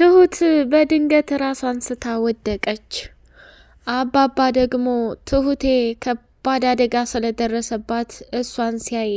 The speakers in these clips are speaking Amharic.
ትሁት በድንገት ራሷን ስታ ወደቀች። አባባ ደግሞ ትሁቴ ከባድ አደጋ ስለደረሰባት እሷን ሲያይ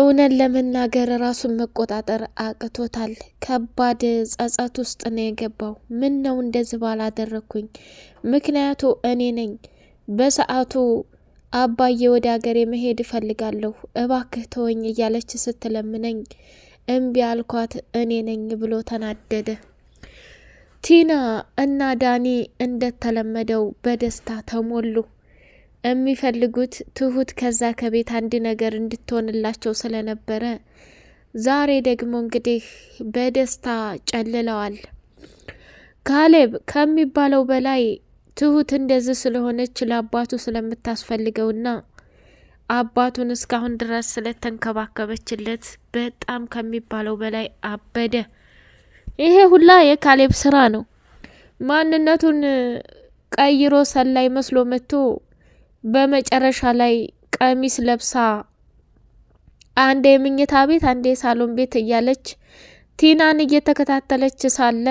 እውነን ለመናገር ራሱን መቆጣጠር አቅቶታል። ከባድ ጸጸት ውስጥ ነው የገባው። ምን ነው እንደዚህ ባላደረግኩኝ? ምክንያቱ እኔ ነኝ። በሰዓቱ አባዬ ወደ ሀገሬ መሄድ እፈልጋለሁ፣ እባክህ ተወኝ እያለች ስትለምነኝ እምቢ አልኳት እኔ ነኝ ብሎ ተናደደ። ቲና እና ዳኒ እንደተለመደው በደስታ ተሞሉ። የሚፈልጉት ትሁት ከዛ ከቤት አንድ ነገር እንድትሆንላቸው ስለነበረ ዛሬ ደግሞ እንግዲህ በደስታ ጨልለዋል። ካሌብ ከሚባለው በላይ ትሁት እንደዚህ ስለሆነች ለአባቱ ስለምታስፈልገውና አባቱን እስካሁን ድረስ ስለተንከባከበችለት በጣም ከሚባለው በላይ አበደ። ይሄ ሁላ የካሌብ ስራ ነው። ማንነቱን ቀይሮ ሰላይ መስሎ መጥቶ በመጨረሻ ላይ ቀሚስ ለብሳ አንዴ የምኝታ ቤት አንዴ የሳሎን ቤት እያለች ቲናን እየተከታተለች ሳለ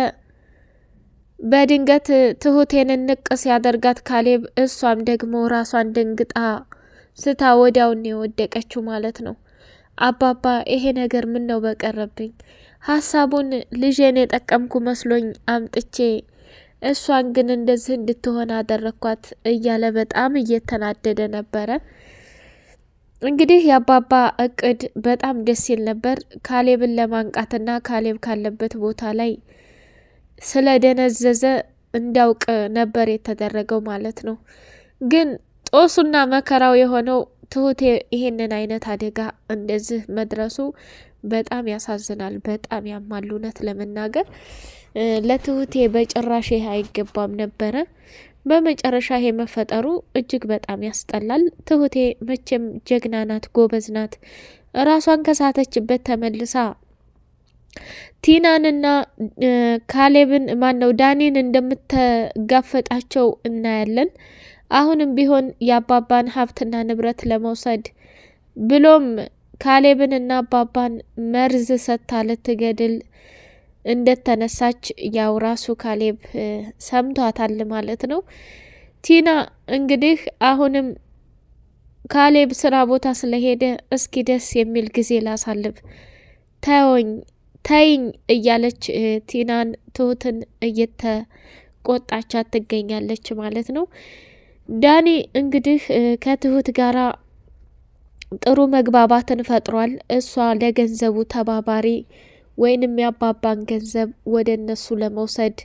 በድንገት ትሁቴን ንቅ ሲያደርጋት ካሌብ እሷም ደግሞ ራሷን ደንግጣ ስታ ወዲያውን የወደቀችው ማለት ነው። አባባ ይሄ ነገር ምን ነው በቀረብኝ፣ ሀሳቡን ልጄን የጠቀምኩ መስሎኝ አምጥቼ እሷን ግን እንደዚህ እንድትሆን አደረግኳት እያለ በጣም እየተናደደ ነበረ። እንግዲህ የአባባ እቅድ በጣም ደስ ይል ነበር። ካሌብን ለማንቃትና ካሌብ ካለበት ቦታ ላይ ስለደነዘዘ እንዲያውቅ ነበር የተደረገው ማለት ነው ግን ጦሱና መከራው የሆነው ትሁቴ ይሄንን አይነት አደጋ እንደዚህ መድረሱ በጣም ያሳዝናል፣ በጣም ያማል። እውነት ለመናገር ለትሁቴ በጭራሽ ይሄ አይገባም ነበረ። በመጨረሻ ይሄ መፈጠሩ እጅግ በጣም ያስጠላል። ትሁቴ መቼም ጀግና ናት፣ ጎበዝ ናት። ራሷን ከሳተችበት ተመልሳ ቲናንና ካሌብን ማን ነው ዳኒን እንደምትጋፈጣቸው እናያለን። አሁንም ቢሆን የአባባን ሀብትና ንብረት ለመውሰድ ብሎም ካሌብን አባባን መርዝ ሰጥታ ልትገድል እንደተነሳች ያው ራሱ ካሌብ ሰምቷታል ማለት ነው። ቲና እንግዲህ አሁንም ካሌብ ስራ ቦታ ስለሄደ እስኪ ደስ የሚል ጊዜ ላሳልብ፣ ተወኝ ተይኝ እያለች ቲናን ትሁትን እየተቆጣቻት ትገኛለች ማለት ነው። ዳኒ እንግዲህ ከትሁት ጋራ ጥሩ መግባባትን ፈጥሯል። እሷ ለገንዘቡ ተባባሪ ወይንም ያባባን ገንዘብ ወደ እነሱ ለመውሰድ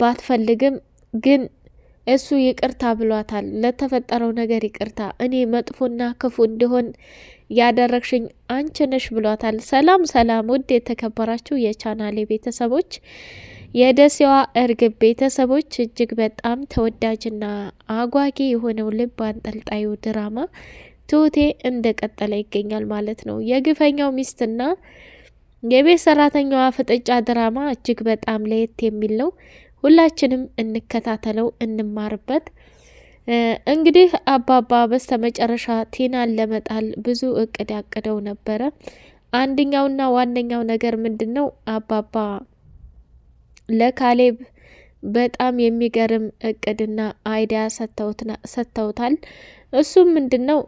ባትፈልግም ግን እሱ ይቅርታ ብሏታል። ለተፈጠረው ነገር ይቅርታ፣ እኔ መጥፎና ክፉ እንዲሆን ያደረግሽኝ አንቺ ነሽ ብሏታል። ሰላም ሰላም! ውድ የተከበራችሁ የቻናሌ ቤተሰቦች የደሴዋ እርግብ ቤተሰቦች እጅግ በጣም ተወዳጅና አጓጊ የሆነው ልብ አንጠልጣዩ ድራማ ትሁቴ እንደቀጠለ ይገኛል ማለት ነው። የግፈኛው ሚስትና የቤት ሰራተኛዋ ፍጥጫ ድራማ እጅግ በጣም ለየት የሚል ነው። ሁላችንም እንከታተለው፣ እንማርበት። እንግዲህ አባባ በስተመጨረሻ ቲናን ለመጣል ብዙ እቅድ ያቅደው ነበረ። አንደኛውና ዋነኛው ነገር ምንድን ነው አባባ ለካሌብ በጣም የሚገርም እቅድና አይዲያ ሰጥተውታል። እሱም ምንድን ነው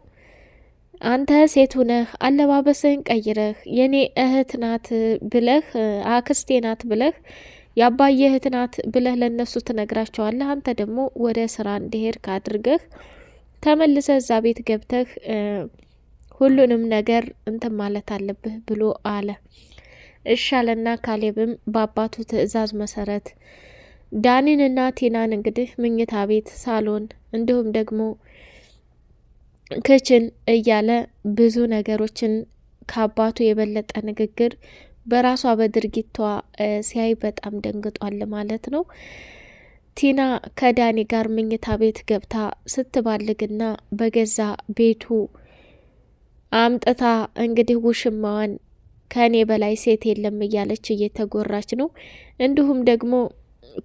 አንተ ሴት ሁነህ አለባበስህን ቀይረህ የኔ እህት ናት ብለህ አክስቴ ናት ብለህ የአባዬ እህት ናት ብለህ ለእነሱ ትነግራቸዋለህ። አንተ ደግሞ ወደ ስራ እንዲሄድ ካድርገህ ተመልሰ እዛ ቤት ገብተህ ሁሉንም ነገር እንትን ማለት አለብህ ብሎ አለ። እሻለና ካሌብም በአባቱ ትዕዛዝ መሰረት ዳኒንና ቲናን እንግዲህ ምኝታ ቤት፣ ሳሎን እንዲሁም ደግሞ ክችን እያለ ብዙ ነገሮችን ከአባቱ የበለጠ ንግግር በራሷ በድርጊቷ ሲያይ በጣም ደንግጧል ማለት ነው። ቲና ከዳኒ ጋር ምኝታ ቤት ገብታ ስትባልግና በገዛ ቤቱ አምጥታ እንግዲህ ውሽማዋን ከእኔ በላይ ሴት የለም እያለች እየተጎራች ነው። እንዲሁም ደግሞ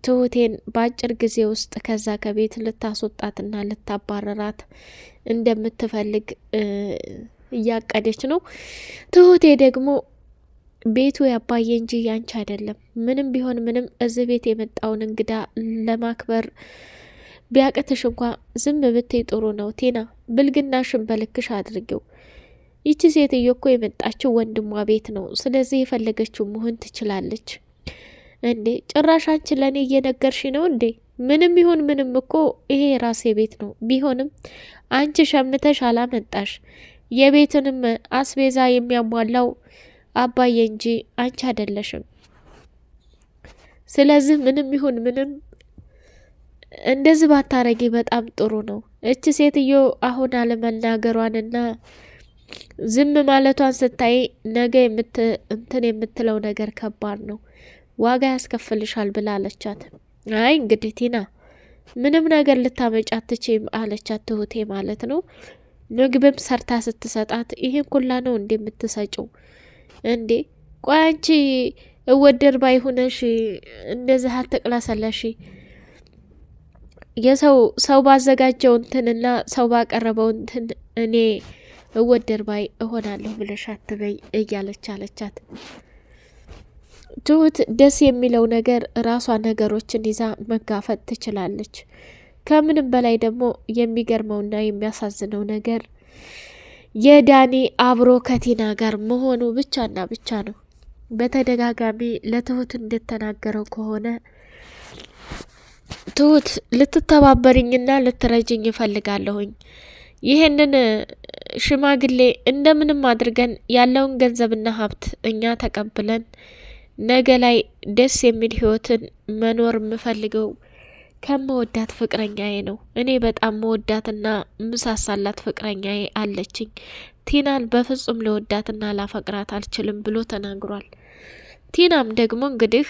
ትሁቴን በአጭር ጊዜ ውስጥ ከዛ ከቤት ልታስወጣትና ልታባረራት እንደምትፈልግ እያቀደች ነው። ትሁቴ ደግሞ ቤቱ ያባዬ እንጂ ያንቺ አይደለም። ምንም ቢሆን ምንም እዚህ ቤት የመጣውን እንግዳ ለማክበር ቢያቅትሽ እንኳ ዝም ብትይ ጥሩ ነው። ቴና ብልግናሽን በልክሽ አድርጌው ይቺ ሴትዮ እኮ የመጣችው ወንድሟ ቤት ነው። ስለዚህ የፈለገችው መሆን ትችላለች። እንዴ ጭራሽ አንቺ ለእኔ እየነገርሽ ነው እንዴ? ምንም ይሁን ምንም እኮ ይሄ የራሴ ቤት ነው። ቢሆንም አንቺ ሸምተሽ አላመጣሽ። የቤትንም አስቤዛ የሚያሟላው አባዬ እንጂ አንቺ አይደለሽም። ስለዚህ ምንም ይሁን ምንም እንደዚህ ባታረጊ በጣም ጥሩ ነው። እች ሴትዮ አሁን አለመናገሯንና ዝም ማለቷን ስታይ ነገ እንትን የምትለው ነገር ከባድ ነው፣ ዋጋ ያስከፍልሻል ብላ አለቻት። አይ እንግዲህ ቲና ምንም ነገር ልታመጫትች አለቻት። ትሁቴ ማለት ነው። ምግብም ሰርታ ስትሰጣት ይህን ኩላ ነው እንዴ የምትሰጪው? እንዴ ቆይ አንቺ እወደድ ባይሆነሽ እንደዚህ አትቅለሰለሽ። የሰው ሰው ባዘጋጀው እንትንና ሰው ባቀረበው እንትን እኔ እወደር ባይ እሆናለሁ ብለሽ አትበይ እያለች አለቻት። ትሁት ደስ የሚለው ነገር ራሷ ነገሮችን ይዛ መጋፈጥ ትችላለች። ከምንም በላይ ደግሞ የሚገርመውና የሚያሳዝነው ነገር የዳኒ አብሮ ከቲና ጋር መሆኑ ብቻና ብቻ ነው። በተደጋጋሚ ለትሁት እንደተናገረው ከሆነ ትሁት ልትተባበርኝና ልትረጅኝ እፈልጋለሁኝ ይህንን ሽማግሌ እንደምንም አድርገን ያለውን ገንዘብና ሀብት እኛ ተቀብለን ነገ ላይ ደስ የሚል ህይወትን መኖር የምፈልገው ከመወዳት ፍቅረኛዬ ነው። እኔ በጣም መወዳትና ምሳሳላት ፍቅረኛዬ አለችኝ። ቲናን በፍጹም ለወዳትና ላፈቅራት አልችልም ብሎ ተናግሯል። ቲናም ደግሞ እንግዲህ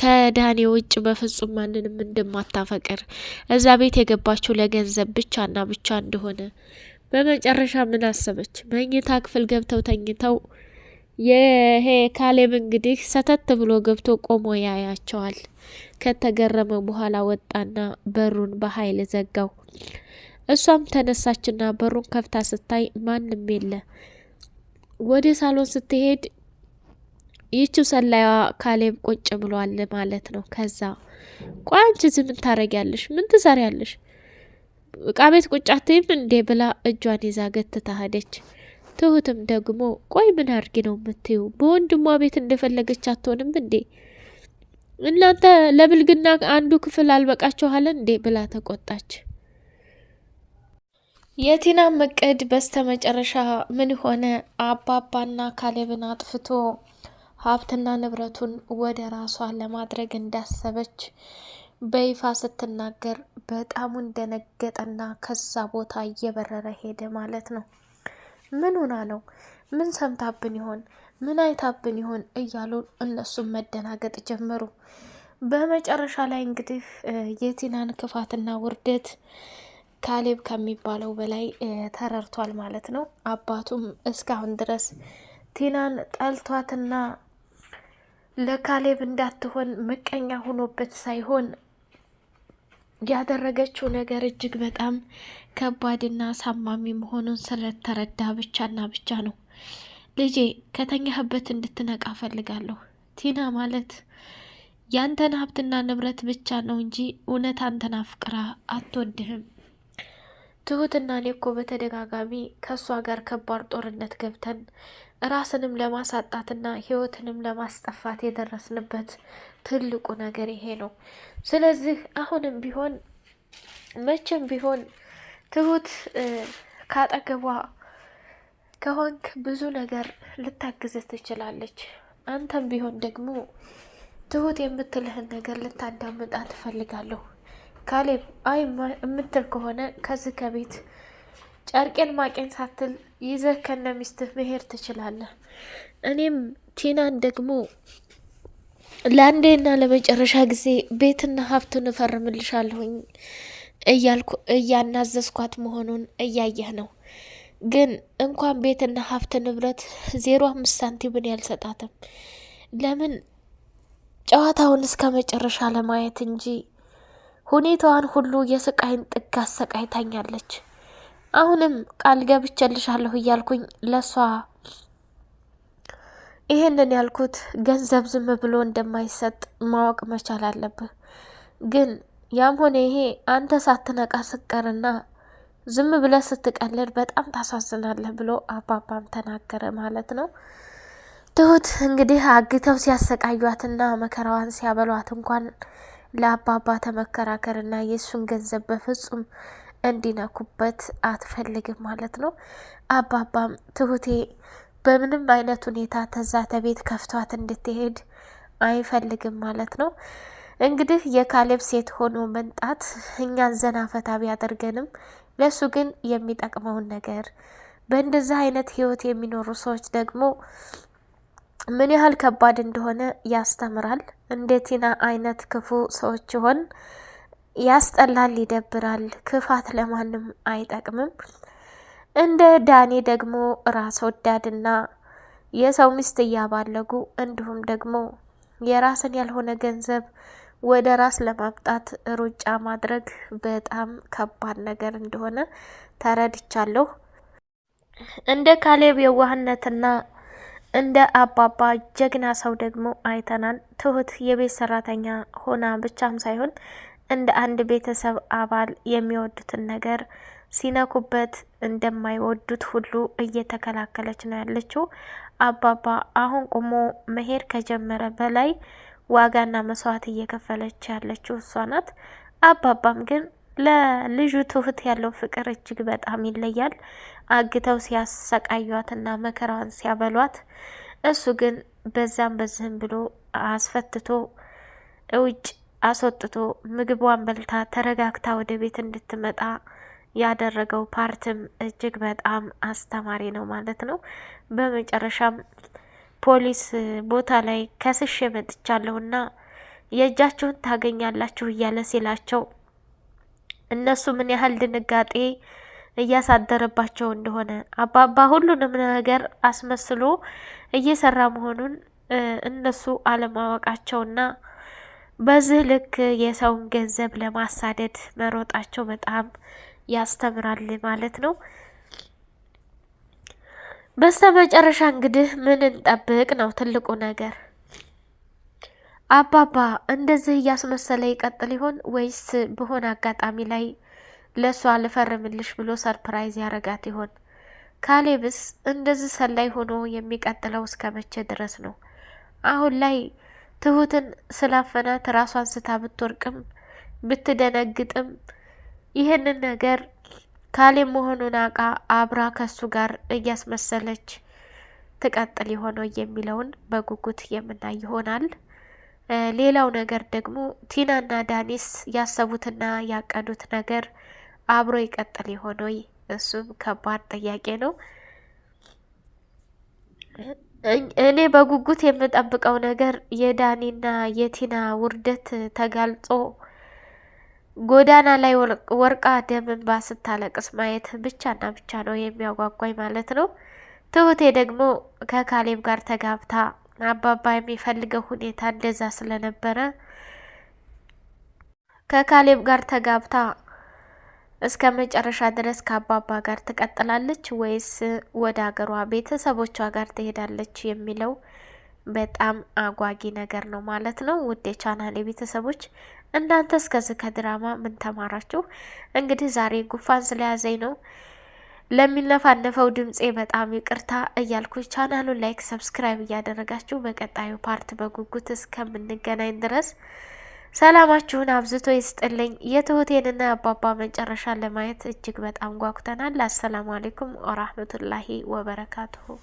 ከዳኔ ውጭ በፍጹም ማንንም እንደማታፈቅር እዛ ቤት የገባችው ለገንዘብ ብቻና ብቻ እንደሆነ በመጨረሻ ምን አሰበች? መኝታ ክፍል ገብተው ተኝተው ይሄ ካሌብ እንግዲህ ሰተት ብሎ ገብቶ ቆሞ ያያቸዋል። ከተገረመ በኋላ ወጣና በሩን በኃይል ዘጋው። እሷም ተነሳችና በሩን ከፍታ ስታይ ማንም የለ። ወደ ሳሎን ስትሄድ ይቺው ሰላይዋ ካሌብ ቁጭ ብሏል ማለት ነው። ከዛ ቆይ አንቺ እዚህ ምን ታረጊያለሽ? ምን ትሰሪያለሽ? እቃ ቤት ቁጭ አትይም እንዴ ብላ እጇን ይዛ ገትታ ሄደች። ትሁትም ደግሞ ቆይ ምን አድርጊ ነው የምትዩ? በወንድሟ ቤት እንደፈለገች አትሆንም እንዴ? እናንተ ለብልግና አንዱ ክፍል አልበቃችኋለን እንዴ ብላ ተቆጣች። የቲና እቅድ በስተመጨረሻ ምን ሆነ? አባባና ካሌብን አጥፍቶ ሀብትና ንብረቱን ወደ ራሷ ለማድረግ እንዳሰበች በይፋ ስትናገር በጣም እንደነገጠና ከዛ ቦታ እየበረረ ሄደ ማለት ነው። ምን ሆና ነው? ምን ሰምታብን ይሆን? ምን አይታብን ይሆን? እያሉ እነሱም መደናገጥ ጀመሩ። በመጨረሻ ላይ እንግዲህ የቲናን ክፋትና ውርደት ካሌብ ከሚባለው በላይ ተረድቷል ማለት ነው። አባቱም እስካሁን ድረስ ቲናን ጠልቷትና ለካሌብ እንዳትሆን ምቀኛ ሆኖበት ሳይሆን ያደረገችው ነገር እጅግ በጣም ከባድና አሳማሚ መሆኑን ስለተረዳ ብቻና ብቻ ነው። ልጄ ከተኛህበት እንድትነቃ ፈልጋለሁ። ቲና ማለት ያንተን ሀብትና ንብረት ብቻ ነው እንጂ እውነት አንተን አፍቅራ አትወድህም። ትሁትና እኔ እኮ በተደጋጋሚ ከእሷ ጋር ከባድ ጦርነት ገብተን ራስንም ለማሳጣትና ህይወትንም ለማስጠፋት የደረስንበት ትልቁ ነገር ይሄ ነው። ስለዚህ አሁንም ቢሆን መቼም ቢሆን ትሁት ካጠገቧ ከሆንክ ብዙ ነገር ልታግዝህ ትችላለች። አንተም ቢሆን ደግሞ ትሁት የምትልህን ነገር ልታዳምጣ ትፈልጋለሁ። ካሌብ አይ የምትል ከሆነ ከዚህ ከቤት ጨርቄን ማቄን ሳትል ይዘህ ከነ ሚስትህ መሄድ ትችላለህ። እኔም ቲናን ደግሞ ለአንዴና ለመጨረሻ ጊዜ ቤትና ሀብትን እፈርምልሻለሁኝ እያልኩ እያናዘዝኳት መሆኑን እያየህ ነው። ግን እንኳን ቤትና ሀብት ንብረት ዜሮ አምስት ሳንቲምን ያልሰጣትም ለምን ጨዋታውን እስከ መጨረሻ ለማየት እንጂ ሁኔታዋን ሁሉ የስቃይን ጥግ አሰቃይታኛለች። አሁንም ቃል ገብቼልሻለሁ እያልኩኝ ለእሷ ይህንን ያልኩት ገንዘብ ዝም ብሎ እንደማይሰጥ ማወቅ መቻል አለብህ። ግን ያም ሆነ ይሄ አንተ ሳትነቃ ስቀርና ዝም ብለህ ስትቀልድ በጣም ታሳዝናለህ ብሎ አባባም ተናገረ ማለት ነው። ትሁት እንግዲህ አግተው ሲያሰቃዩትና መከራዋን ሲያበሏት እንኳን ለአባባ ተመከራከርና የእሱን ገንዘብ በፍጹም እንዲነኩበት አትፈልግም ማለት ነው። አባባም ትሁቴ በምንም አይነት ሁኔታ ተዛ ተቤት ከፍቷት እንድትሄድ አይፈልግም ማለት ነው። እንግዲህ የካሌብ ሴት ሆኖ መንጣት እኛን ዘና ፈታ ቢያደርገንም ለእሱ ግን የሚጠቅመውን ነገር በእንደዚህ አይነት ህይወት የሚኖሩ ሰዎች ደግሞ ምን ያህል ከባድ እንደሆነ ያስተምራል። እንደ ቲና አይነት ክፉ ሰዎች ሲሆን ያስጠላል፣ ይደብራል። ክፋት ለማንም አይጠቅምም። እንደ ዳኔ ደግሞ ራስ ወዳድና የሰው ሚስት እያባለጉ እንዲሁም ደግሞ የራስን ያልሆነ ገንዘብ ወደ ራስ ለማምጣት ሩጫ ማድረግ በጣም ከባድ ነገር እንደሆነ ተረድቻለሁ። እንደ ካሌብ የዋህነትና እንደ አባባ ጀግና ሰው ደግሞ አይተናል። ትሁት የቤት ሰራተኛ ሆና ብቻም ሳይሆን እንደ አንድ ቤተሰብ አባል የሚወዱትን ነገር ሲነኩበት እንደማይወዱት ሁሉ እየተከላከለች ነው ያለችው። አባባ አሁን ቁሞ መሄድ ከጀመረ በላይ ዋጋና መስዋዕት እየከፈለች ያለችው እሷ ናት። አባባም ግን ለልጁ ትሁት ያለው ፍቅር እጅግ በጣም ይለያል። አግተው ሲያሰቃዩዋትና መከራዋን ሲያበሏት፣ እሱ ግን በዛም በዚህም ብሎ አስፈትቶ እውጭ አስወጥቶ ምግቧን በልታ ተረጋግታ ወደ ቤት እንድትመጣ ያደረገው ፓርትም እጅግ በጣም አስተማሪ ነው ማለት ነው። በመጨረሻም ፖሊስ ቦታ ላይ ከስሽ መጥቻለሁና የእጃችሁን ታገኛላችሁ እያለ ሲላቸው እነሱ ምን ያህል ድንጋጤ እያሳደረባቸው እንደሆነ አባባ ሁሉንም ነገር አስመስሎ እየሰራ መሆኑን እነሱ አለማወቃቸውና በዚህ ልክ የሰውን ገንዘብ ለማሳደድ መሮጣቸው በጣም ያስተምራል ማለት ነው። በስተ መጨረሻ እንግዲህ ምን እንጠብቅ ነው ትልቁ ነገር። አባባ እንደዚህ እያስመሰለ ይቀጥል ይሆን ወይስ በሆነ አጋጣሚ ላይ ለእሷ ልፈርምልሽ ብሎ ሰርፕራይዝ ያረጋት ይሆን? ካሌብስ እንደዚህ ሰላይ ሆኖ የሚቀጥለው እስከ መቼ ድረስ ነው? አሁን ላይ ትሁትን ስላፈናት ራሷን ስታ ብትወርቅም ብትደነግጥም ይህንን ነገር ካሌ መሆኑን አቃ አብራ ከሱ ጋር እያስመሰለች ትቀጥል የሆነው የሚለውን በጉጉት የምናይ ይሆናል። ሌላው ነገር ደግሞ ቲናና ዳኒስ ያሰቡትና ያቀዱት ነገር አብሮ ይቀጥል የሆነው እሱም ከባድ ጥያቄ ነው። እኔ በጉጉት የምጠብቀው ነገር የዳኒና የቲና ውርደት ተጋልጾ ጎዳና ላይ ወርቃ ደም እንባ ስታለቅስ ማየት ብቻና ብቻ ነው የሚያጓጓኝ ማለት ነው። ትሁቴ ደግሞ ከካሌብ ጋር ተጋብታ አባባ የሚፈልገው ሁኔታ እንደዛ ስለነበረ ከካሌብ ጋር ተጋብታ እስከ መጨረሻ ድረስ ከአባባ ጋር ትቀጥላለች ወይስ ወደ ሀገሯ ቤተሰቦቿ ጋር ትሄዳለች የሚለው በጣም አጓጊ ነገር ነው ማለት ነው። ውድ የቻናል የቤተሰቦች እናንተ እስከዚህ ከድራማ ምን ተማራችሁ? እንግዲህ ዛሬ ጉፋን ስለያዘኝ ነው ለሚነፋነፈው ድምፄ በጣም ይቅርታ እያልኩ ቻናሉን ላይክ፣ ሰብስክራይብ እያደረጋችሁ በቀጣዩ ፓርት በጉጉት እስከምንገናኝ ድረስ ሰላማችሁን አብዝቶ ይስጥልኝ። የትሁቴንና አባባ መጨረሻ ለማየት እጅግ በጣም ጓጉተናል። አሰላሙ አሌይኩም ወራህመቱላሂ ወበረካቱሁ።